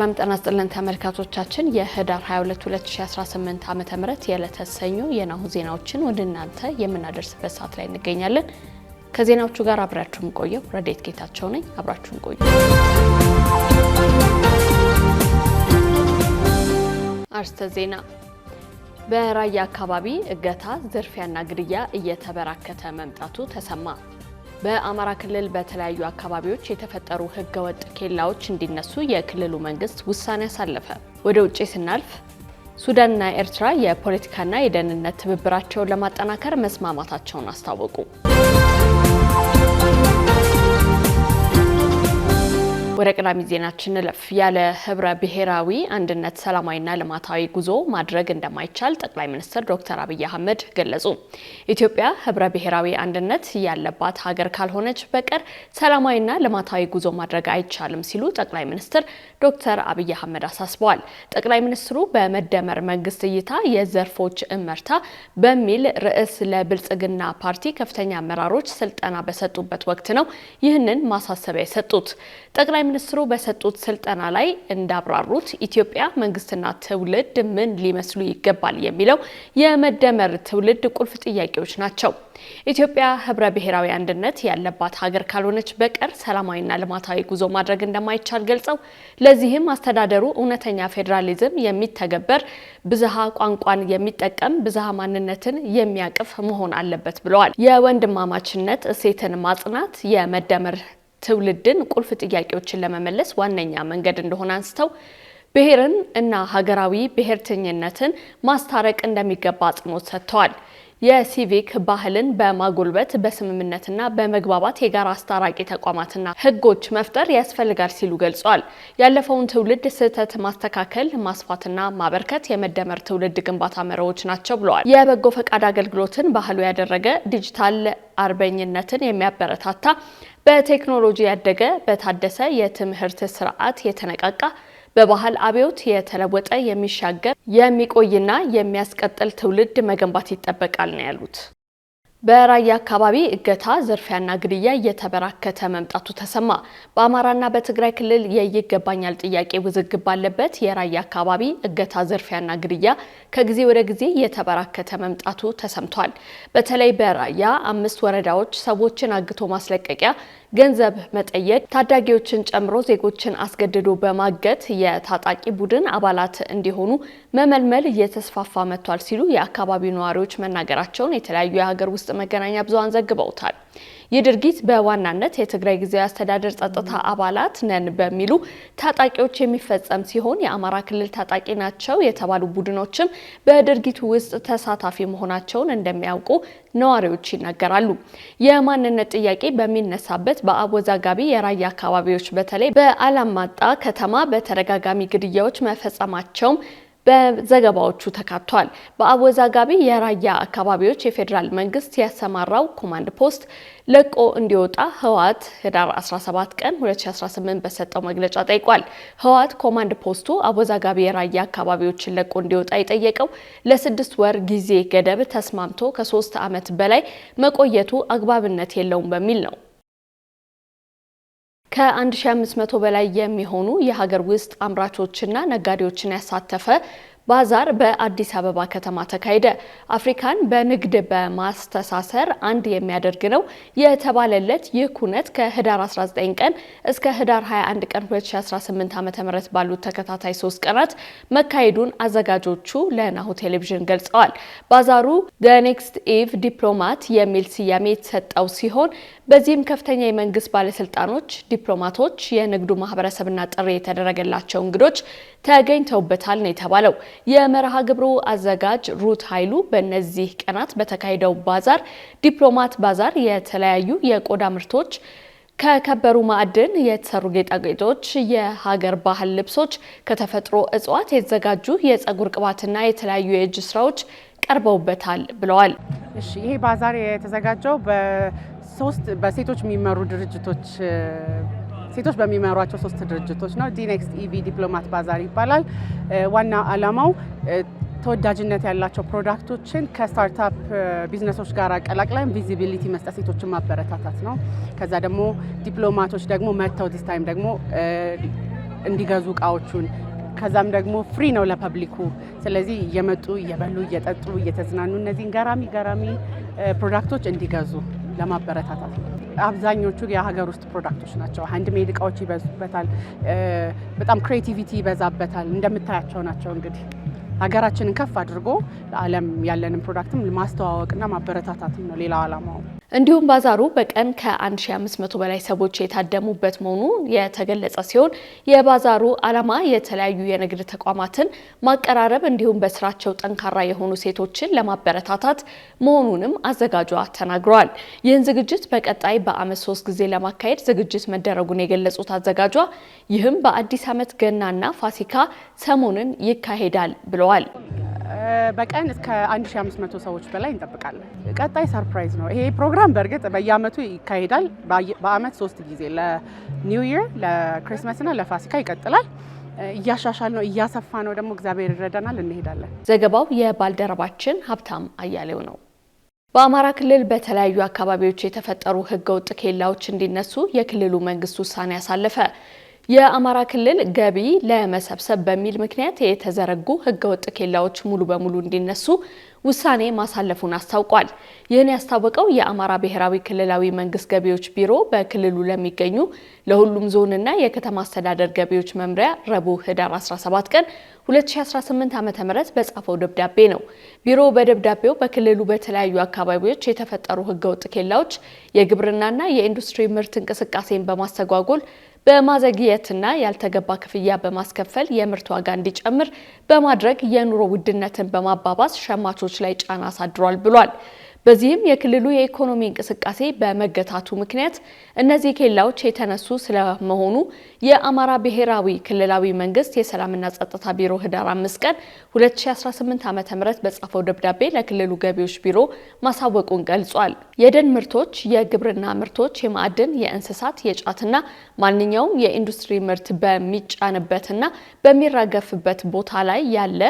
ሰላም ጤና ይስጥልን ተመልካቾቻችን፣ የህዳር 22 2018 ዓ.ም የዕለተ ሰኞ የናሁ ዜናዎችን ወደ እናንተ የምናደርስበት ሰዓት ላይ እንገኛለን። ከዜናዎቹ ጋር አብራችሁን ቆየው። ረዴት ጌታቸው ነኝ። አብራችሁን ቆዩ። አርስተ ዜና በራያ አካባቢ እገታ፣ ዝርፊያና ግድያ እየተበራከተ መምጣቱ ተሰማ። በአማራ ክልል በተለያዩ አካባቢዎች የተፈጠሩ ህገወጥ ኬላዎች እንዲነሱ የክልሉ መንግስት ውሳኔ አሳለፈ። ወደ ውጭ ስናልፍ ሱዳንና ኤርትራ የፖለቲካና የደህንነት ትብብራቸውን ለማጠናከር መስማማታቸውን አስታወቁ። ወደ ቀዳሚ ዜናችን እንለፍ። ያለ ህብረ ብሔራዊ አንድነት ሰላማዊና ልማታዊ ጉዞ ማድረግ እንደማይቻል ጠቅላይ ሚኒስትር ዶክተር አብይ አህመድ ገለጹ። ኢትዮጵያ ህብረ ብሔራዊ አንድነት ያለባት ሀገር ካልሆነች በቀር ሰላማዊና ልማታዊ ጉዞ ማድረግ አይቻልም ሲሉ ጠቅላይ ሚኒስትር ዶክተር አብይ አህመድ አሳስበዋል። ጠቅላይ ሚኒስትሩ በመደመር መንግስት እይታ የዘርፎች እመርታ በሚል ርዕስ ለብልጽግና ፓርቲ ከፍተኛ አመራሮች ስልጠና በሰጡበት ወቅት ነው ይህንን ማሳሰቢያ የሰጡት። ሚኒስትሩ በሰጡት ስልጠና ላይ እንዳብራሩት ኢትዮጵያ መንግስትና ትውልድ ምን ሊመስሉ ይገባል የሚለው የመደመር ትውልድ ቁልፍ ጥያቄዎች ናቸው። ኢትዮጵያ ህብረ ብሔራዊ አንድነት ያለባት ሀገር ካልሆነች በቀር ሰላማዊና ልማታዊ ጉዞ ማድረግ እንደማይቻል ገልጸው ለዚህም አስተዳደሩ እውነተኛ ፌዴራሊዝም የሚተገበር ብዝሃ ቋንቋን የሚጠቀም ብዝሃ ማንነትን የሚያቅፍ መሆን አለበት ብለዋል። የወንድማማችነት እሴትን ማጽናት የመደመር ትውልድን ቁልፍ ጥያቄዎችን ለመመለስ ዋነኛ መንገድ እንደሆነ አንስተው ብሔርን እና ሀገራዊ ብሔርተኝነትን ማስታረቅ እንደሚገባ አጽንኦት ሰጥተዋል። የሲቪክ ባህልን በማጎልበት በስምምነትና በመግባባት የጋራ አስታራቂ ተቋማትና ሕጎች መፍጠር ያስፈልጋል ሲሉ ገልጿል። ያለፈውን ትውልድ ስህተት ማስተካከል፣ ማስፋትና ማበርከት የመደመር ትውልድ ግንባታ መርሆዎች ናቸው ብለዋል። የበጎ ፈቃድ አገልግሎትን ባህሉ ያደረገ ዲጂታል አርበኝነትን የሚያበረታታ በቴክኖሎጂ ያደገ በታደሰ የትምህርት ስርዓት የተነቃቃ በባህል አብዮት የተለወጠ የሚሻገር የሚቆይና የሚያስቀጥል ትውልድ መገንባት ይጠበቃል ነው ያሉት። በራያ አካባቢ እገታ፣ ዝርፊያና ግድያ እየተበራከተ መምጣቱ ተሰማ። በአማራና በትግራይ ክልል የይገባኛል ጥያቄ ውዝግብ ባለበት የራያ አካባቢ እገታ፣ ዝርፊያና ግድያ ከጊዜ ወደ ጊዜ እየተበራከተ መምጣቱ ተሰምቷል። በተለይ በራያ አምስት ወረዳዎች ሰዎችን አግቶ ማስለቀቂያ ገንዘብ መጠየቅ ታዳጊዎችን ጨምሮ ዜጎችን አስገድዶ በማገት የታጣቂ ቡድን አባላት እንዲሆኑ መመልመል እየተስፋፋ መጥቷል ሲሉ የአካባቢው ነዋሪዎች መናገራቸውን የተለያዩ የሀገር ውስጥ መገናኛ ብዙሃን ዘግበውታል። ይህ ድርጊት በዋናነት የትግራይ ጊዜያዊ አስተዳደር ጸጥታ አባላት ነን በሚሉ ታጣቂዎች የሚፈጸም ሲሆን የአማራ ክልል ታጣቂ ናቸው የተባሉ ቡድኖችም በድርጊቱ ውስጥ ተሳታፊ መሆናቸውን እንደሚያውቁ ነዋሪዎች ይናገራሉ። የማንነት ጥያቄ በሚነሳበት በአወዛጋቢ የራያ አካባቢዎች በተለይ በአላማጣ ከተማ በተደጋጋሚ ግድያዎች መፈጸማቸውም በዘገባዎቹ ተካቷል። በአወዛጋቢ የራያ አካባቢዎች የፌዴራል መንግስት ያሰማራው ኮማንድ ፖስት ለቆ እንዲወጣ ህወሓት ህዳር 17 ቀን 2018 በሰጠው መግለጫ ጠይቋል። ህወሓት ኮማንድ ፖስቱ አወዛጋቢ የራያ አካባቢዎችን ለቆ እንዲወጣ የጠየቀው ለስድስት ወር ጊዜ ገደብ ተስማምቶ ከሶስት ዓመት በላይ መቆየቱ አግባብነት የለውም በሚል ነው። ከ1500 በላይ የሚሆኑ የሀገር ውስጥ አምራቾችና ነጋዴዎችን ያሳተፈ ባዛር በአዲስ አበባ ከተማ ተካሄደ። አፍሪካን በንግድ በማስተሳሰር አንድ የሚያደርግ ነው የተባለለት ይህ ኩነት ከህዳር 19 ቀን እስከ ህዳር 21 ቀን 2018 ዓ.ም ባሉት ተከታታይ ሶስት ቀናት መካሄዱን አዘጋጆቹ ለናሁ ቴሌቪዥን ገልጸዋል። ባዛሩ ደ ኔክስት ኢቭ ዲፕሎማት የሚል ስያሜ የተሰጠው ሲሆን በዚህም ከፍተኛ የመንግስት ባለስልጣኖች፣ ዲፕሎማቶች፣ የንግዱ ማህበረሰብና ጥሪ የተደረገላቸው እንግዶች ተገኝተውበታል ነው የተባለው። የመርሃ ግብሩ አዘጋጅ ሩት ኃይሉ በእነዚህ ቀናት በተካሄደው ባዛር ዲፕሎማት ባዛር የተለያዩ የቆዳ ምርቶች ከከበሩ ማዕድን የተሰሩ ጌጣጌጦች፣ የሀገር ባህል ልብሶች፣ ከተፈጥሮ እጽዋት የተዘጋጁ የፀጉር ቅባትና የተለያዩ የእጅ ስራዎች ቀርበውበታል ብለዋል። ይሄ ባዛር የተዘጋጀው ሶስት በሴቶች የሚመሩ ድርጅቶች ሴቶች በሚመሯቸው ሶስት ድርጅቶች ነው። ዲኔክስት ኢቪ ዲፕሎማት ባዛር ይባላል። ዋና አላማው ተወዳጅነት ያላቸው ፕሮዳክቶችን ከስታርታፕ ቢዝነሶች ጋር አቀላቅለን ቪዚቢሊቲ መስጠት፣ ሴቶችን ማበረታታት ነው። ከዛ ደግሞ ዲፕሎማቶች ደግሞ መጥተው ዲስ ታይም ደግሞ እንዲገዙ እቃዎቹን ከዛም ደግሞ ፍሪ ነው ለፐብሊኩ። ስለዚህ እየመጡ እየበሉ እየጠጡ እየተዝናኑ እነዚህን ገራሚ ገራሚ ፕሮዳክቶች እንዲገዙ ለማበረታታት ነው። አብዛኞቹ የሀገር ውስጥ ፕሮዳክቶች ናቸው። ሀንድ ሜድ እቃዎች ይበዙበታል። በጣም ክሬቲቪቲ ይበዛበታል። እንደምታያቸው ናቸው እንግዲህ ሀገራችንን ከፍ አድርጎ ለዓለም ያለንን ፕሮዳክትም ማስተዋወቅና ማበረታታትም ነው ሌላው ዓላማው። እንዲሁም ባዛሩ በቀን ከ1500 በላይ ሰዎች የታደሙበት መሆኑ የተገለጸ ሲሆን የባዛሩ ዓላማ የተለያዩ የንግድ ተቋማትን ማቀራረብ እንዲሁም በስራቸው ጠንካራ የሆኑ ሴቶችን ለማበረታታት መሆኑንም አዘጋጇ ተናግረዋል። ይህን ዝግጅት በቀጣይ በአመት ሶስት ጊዜ ለማካሄድ ዝግጅት መደረጉን የገለጹት አዘጋጇ ይህም በአዲስ ዓመት ገናና ፋሲካ ሰሞንን ይካሄዳል ብለዋል። በቀን እስከ 1500 ሰዎች በላይ እንጠብቃለን። ቀጣይ ሰርፕራይዝ ነው ይሄ ፕሮግራም በእርግጥ በየአመቱ ይካሄዳል። በአመት ሶስት ጊዜ ለኒው ይር፣ ለክሪስማስ እና ለፋሲካ ይቀጥላል። እያሻሻል ነው እያሰፋ ነው ደግሞ እግዚአብሔር ይረዳናል፣ እንሄዳለን። ዘገባው የባልደረባችን ሀብታም አያሌው ነው። በአማራ ክልል በተለያዩ አካባቢዎች የተፈጠሩ ህገወጥ ኬላዎች እንዲነሱ የክልሉ መንግስት ውሳኔ አሳለፈ። የአማራ ክልል ገቢ ለመሰብሰብ በሚል ምክንያት የተዘረጉ ህገወጥ ኬላዎች ሙሉ በሙሉ እንዲነሱ ውሳኔ ማሳለፉን አስታውቋል። ይህን ያስታወቀው የአማራ ብሔራዊ ክልላዊ መንግስት ገቢዎች ቢሮ በክልሉ ለሚገኙ ለሁሉም ዞንና የከተማ አስተዳደር ገቢዎች መምሪያ ረቡዕ ህዳር 17 ቀን 2018 ዓ ም በጻፈው ደብዳቤ ነው። ቢሮው በደብዳቤው በክልሉ በተለያዩ አካባቢዎች የተፈጠሩ ህገወጥ ኬላዎች የግብርናና የኢንዱስትሪ ምርት እንቅስቃሴን በማስተጓጎል በማዘግየትና ያልተገባ ክፍያ በማስከፈል የምርት ዋጋ እንዲጨምር በማድረግ የኑሮ ውድነትን በማባባስ ሸማቾች ላይ ጫና አሳድሯል ብሏል። በዚህም የክልሉ የኢኮኖሚ እንቅስቃሴ በመገታቱ ምክንያት እነዚህ ኬላዎች የተነሱ ስለመሆኑ የአማራ ብሔራዊ ክልላዊ መንግስት የሰላምና ጸጥታ ቢሮ ህዳር አምስት ቀን 2018 ዓ ም በጻፈው ደብዳቤ ለክልሉ ገቢዎች ቢሮ ማሳወቁን ገልጿል። የደን ምርቶች፣ የግብርና ምርቶች፣ የማዕድን፣ የእንስሳት፣ የጫትና ማንኛውም የኢንዱስትሪ ምርት በሚጫንበትና በሚራገፍበት ቦታ ላይ ያለ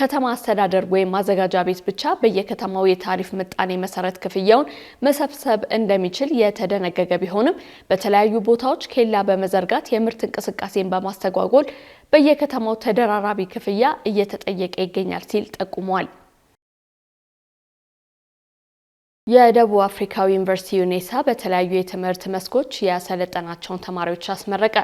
ከተማ አስተዳደር ወይም ማዘጋጃ ቤት ብቻ በየከተማው የታሪፍ ምጣኔ መሰረት ክፍያውን መሰብሰብ እንደሚችል የተደነገገ ቢሆንም በተለያዩ ቦታዎች ኬላ በመዘርጋት የምርት እንቅስቃሴን በማስተጓጎል በየከተማው ተደራራቢ ክፍያ እየተጠየቀ ይገኛል ሲል ጠቁሟል። የደቡብ አፍሪካዊ ዩኒቨርሲቲ ዩኔሳ በተለያዩ የትምህርት መስኮች ያሰለጠናቸውን ተማሪዎች አስመረቀ።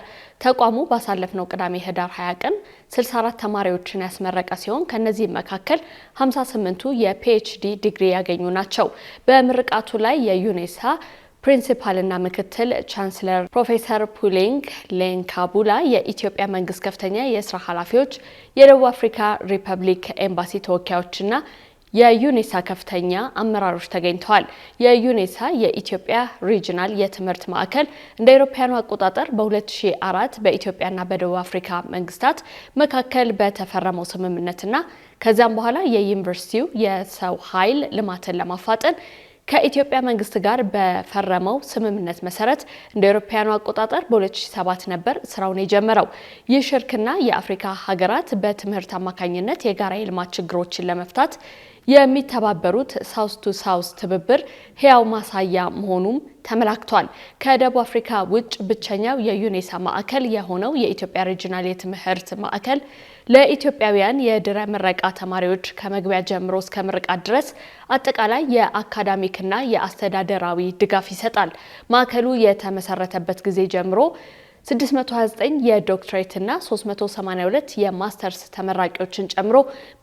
ተቋሙ ባሳለፍነው ቅዳሜ ህዳር 20 ቀን 64 ተማሪዎችን ያስመረቀ ሲሆን ከነዚህም መካከል 58ቱ የፒኤችዲ ዲግሪ ያገኙ ናቸው። በምርቃቱ ላይ የዩኔሳ ፕሪንሲፓልና ምክትል ቻንስለር ፕሮፌሰር ፑሊንግ ሌንካቡላ፣ የኢትዮጵያ መንግስት ከፍተኛ የስራ ኃላፊዎች፣ የደቡብ አፍሪካ ሪፐብሊክ ኤምባሲ ተወካዮችና የዩኔሳ ከፍተኛ አመራሮች ተገኝተዋል። የዩኔሳ የኢትዮጵያ ሪጅናል የትምህርት ማዕከል እንደ አውሮፓውያኑ አቆጣጠር በ2004 በኢትዮጵያና በደቡብ አፍሪካ መንግስታት መካከል በተፈረመው ስምምነትና ከዚያም በኋላ የዩኒቨርሲቲው የሰው ኃይል ልማትን ለማፋጠን ከኢትዮጵያ መንግስት ጋር በፈረመው ስምምነት መሰረት እንደ አውሮፓውያኑ አቆጣጠር በ2007 ነበር ስራውን የጀመረው። ይህ ሽርክና የአፍሪካ ሀገራት በትምህርት አማካኝነት የጋራ የልማት ችግሮችን ለመፍታት የሚተባበሩት ሳውስ ቱ ሳውስ ትብብር ህያው ማሳያ መሆኑም ተመላክቷል። ከደቡብ አፍሪካ ውጭ ብቸኛው የዩኔሳ ማዕከል የሆነው የኢትዮጵያ ሪጂናል የትምህርት ማዕከል ለኢትዮጵያውያን የድረ ምረቃ ተማሪዎች ከመግቢያ ጀምሮ እስከ ምርቃት ድረስ አጠቃላይ የአካዳሚክና የአስተዳደራዊ ድጋፍ ይሰጣል። ማዕከሉ የተመሰረተበት ጊዜ ጀምሮ 629 እና 382 የማስተርስ ተመራቂዎችን ጨምሮ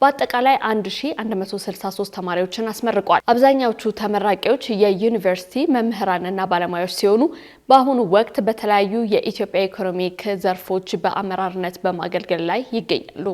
በአጠቃላይ 1163 ተማሪዎችን አስመርቋል። አብዛኛዎቹ ተመራቂዎች የዩኒቨርሲቲ መምህራንና ባለሙያዎች ሲሆኑ በአሁኑ ወቅት በተለያዩ የኢትዮጵያ ኢኮኖሚክ ዘርፎች በአመራርነት በማገልገል ላይ ይገኛሉ።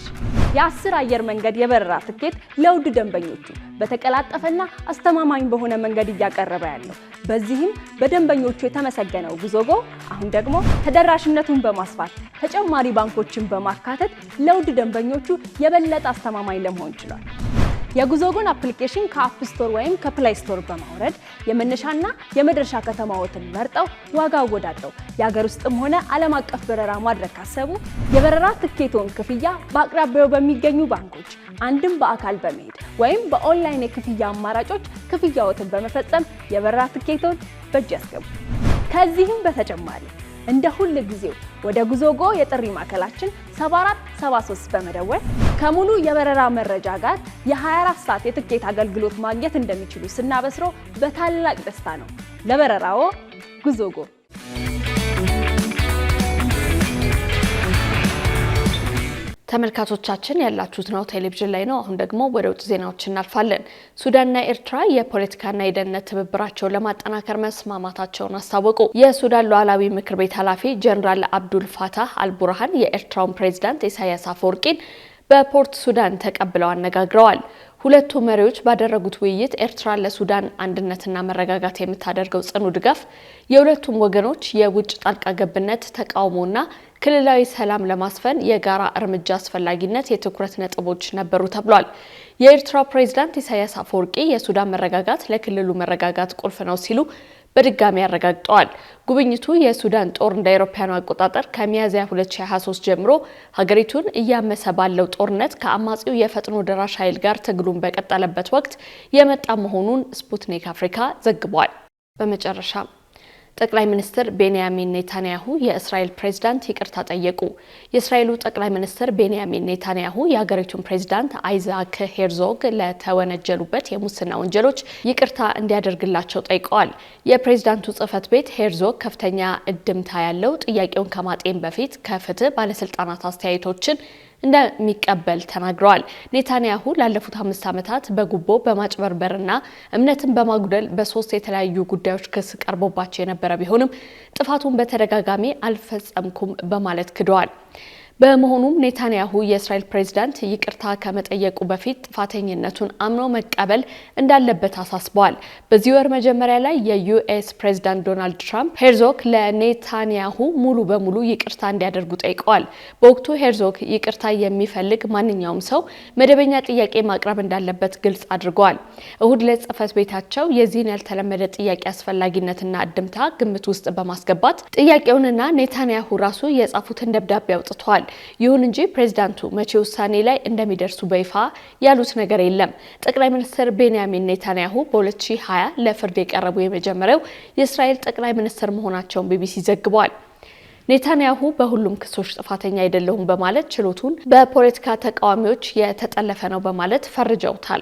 የአስር አየር መንገድ የበረራ ትኬት ለውድ ደንበኞቹ በተቀላጠፈና አስተማማኝ በሆነ መንገድ እያቀረበ ያለው በዚህም በደንበኞቹ የተመሰገነው ጉዞጎ አሁን ደግሞ ተደራሽነቱን በማስፋት ተጨማሪ ባንኮችን በማካተት ለውድ ደንበኞቹ የበለጠ አስተማማኝ ለመሆን ችሏል። የጉዞጎን አፕሊኬሽን ከአፕ ስቶር ወይም ከፕላይ ስቶር በማውረድ የመነሻና የመድረሻ ከተማዎትን መርጠው ዋጋ አወዳድረው የሀገር ውስጥም ሆነ ዓለም አቀፍ በረራ ማድረግ ካሰቡ የበረራ ትኬቶን ክፍያ በአቅራቢያው በሚገኙ ባንኮች አንድም በአካል በመሄድ ወይም በኦንላይን የክፍያ አማራጮች ክፍያዎትን በመፈጸም የበረራ ትኬቶን በእጅ ያስገቡ። ከዚህም በተጨማሪ እንደ ሁል ጊዜው ወደ ጉዞጎ የጥሪ ማዕከላችን 7473 በመደወል ከሙሉ የበረራ መረጃ ጋር የ24 ሰዓት የትኬት አገልግሎት ማግኘት እንደሚችሉ ስናበስሮ በታላቅ ደስታ ነው። ለበረራዎ ጉዞጎ ተመልካቾቻችን ያላችሁት ነው ቴሌቪዥን ላይ ነው። አሁን ደግሞ ወደ ውጭ ዜናዎች እናልፋለን። ሱዳንና ኤርትራ የፖለቲካና የደህንነት ትብብራቸውን ለማጠናከር መስማማታቸውን አስታወቁ። የሱዳን ሉዓላዊ ምክር ቤት ኃላፊ ጀኔራል አብዱል ፋታህ አልቡርሃን የኤርትራውን ፕሬዚዳንት ኢሳያስ አፈወርቂን በፖርት ሱዳን ተቀብለው አነጋግረዋል። ሁለቱ መሪዎች ባደረጉት ውይይት ኤርትራ ለሱዳን አንድነትና መረጋጋት የምታደርገው ጽኑ ድጋፍ የሁለቱም ወገኖች የውጭ ጣልቃ ገብነት ተቃውሞና ክልላዊ ሰላም ለማስፈን የጋራ እርምጃ አስፈላጊነት የትኩረት ነጥቦች ነበሩ ተብሏል። የኤርትራ ፕሬዝዳንት ኢሳያስ አፈወርቂ የሱዳን መረጋጋት ለክልሉ መረጋጋት ቁልፍ ነው ሲሉ በድጋሚ አረጋግጠዋል። ጉብኝቱ የሱዳን ጦር እንደ አውሮፓውያኑ አቆጣጠር ከሚያዝያ 2023 ጀምሮ ሀገሪቱን እያመሰ ባለው ጦርነት ከአማጺው የፈጥኖ ደራሽ ኃይል ጋር ትግሉን በቀጠለበት ወቅት የመጣ መሆኑን ስፑትኒክ አፍሪካ ዘግቧል። በመጨረሻም ጠቅላይ ሚኒስትር ቤንያሚን ኔታንያሁ የእስራኤል ፕሬዝዳንት ይቅርታ ጠየቁ። የእስራኤሉ ጠቅላይ ሚኒስትር ቤንያሚን ኔታንያሁ የሀገሪቱን ፕሬዝዳንት አይዛክ ሄርዞግ ለተወነጀሉበት የሙስና ወንጀሎች ይቅርታ እንዲያደርግላቸው ጠይቀዋል። የፕሬዝዳንቱ ጽህፈት ቤት ሄርዞግ ከፍተኛ እድምታ ያለው ጥያቄውን ከማጤን በፊት ከፍትህ ባለስልጣናት አስተያየቶችን እንደሚቀበል ተናግረዋል። ኔታንያሁ ላለፉት አምስት ዓመታት በጉቦ በማጭበርበርና እምነትን በማጉደል በሶስት የተለያዩ ጉዳዮች ክስ ቀርቦባቸው የነበረ ቢሆንም ጥፋቱን በተደጋጋሚ አልፈጸምኩም በማለት ክደዋል። በመሆኑም ኔታንያሁ የእስራኤል ፕሬዚዳንት ይቅርታ ከመጠየቁ በፊት ጥፋተኝነቱን አምኖ መቀበል እንዳለበት አሳስበዋል። በዚህ ወር መጀመሪያ ላይ የዩኤስ ፕሬዚዳንት ዶናልድ ትራምፕ ሄርዞግ ለኔታንያሁ ሙሉ በሙሉ ይቅርታ እንዲያደርጉ ጠይቀዋል። በወቅቱ ሄርዞግ ይቅርታ የሚፈልግ ማንኛውም ሰው መደበኛ ጥያቄ ማቅረብ እንዳለበት ግልጽ አድርገዋል። እሁድ ለጽፈት ቤታቸው የዚህን ያልተለመደ ጥያቄ አስፈላጊነትና እድምታ ግምት ውስጥ በማስገባት ጥያቄውንና ኔታንያሁ ራሱ የጻፉትን ደብዳቤ አውጥተዋል። ይሁን እንጂ ፕሬዚዳንቱ መቼ ውሳኔ ላይ እንደሚደርሱ በይፋ ያሉት ነገር የለም። ጠቅላይ ሚኒስትር ቤንያሚን ኔታንያሁ በ2020 ለፍርድ የቀረቡ የመጀመሪያው የእስራኤል ጠቅላይ ሚኒስትር መሆናቸውን ቢቢሲ ዘግቧል። ኔታንያሁ በሁሉም ክሶች ጥፋተኛ አይደለሁም በማለት ችሎቱን በፖለቲካ ተቃዋሚዎች የተጠለፈ ነው በማለት ፈርጀውታል።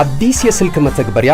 አዲስ የስልክ መተግበሪያ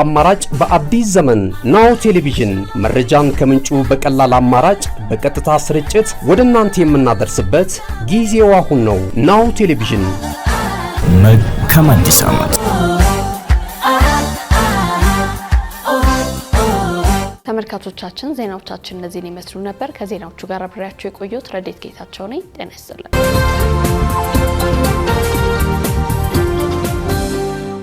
አማራጭ በአዲስ ዘመን ናው ቴሌቪዥን መረጃን ከምንጩ በቀላል አማራጭ በቀጥታ ስርጭት ወደ እናንተ የምናደርስበት ጊዜው አሁን ነው። ናው ቴሌቪዥን መልካም አዲስ ዓመት። ተመልካቾቻችን ዜናዎቻችን እነዚህን ይመስሉ ነበር። ከዜናዎቹ ጋር አብሬያቸው የቆየሁት ረዴት ጌታቸው ነኝ። ጤና ይስጥልን።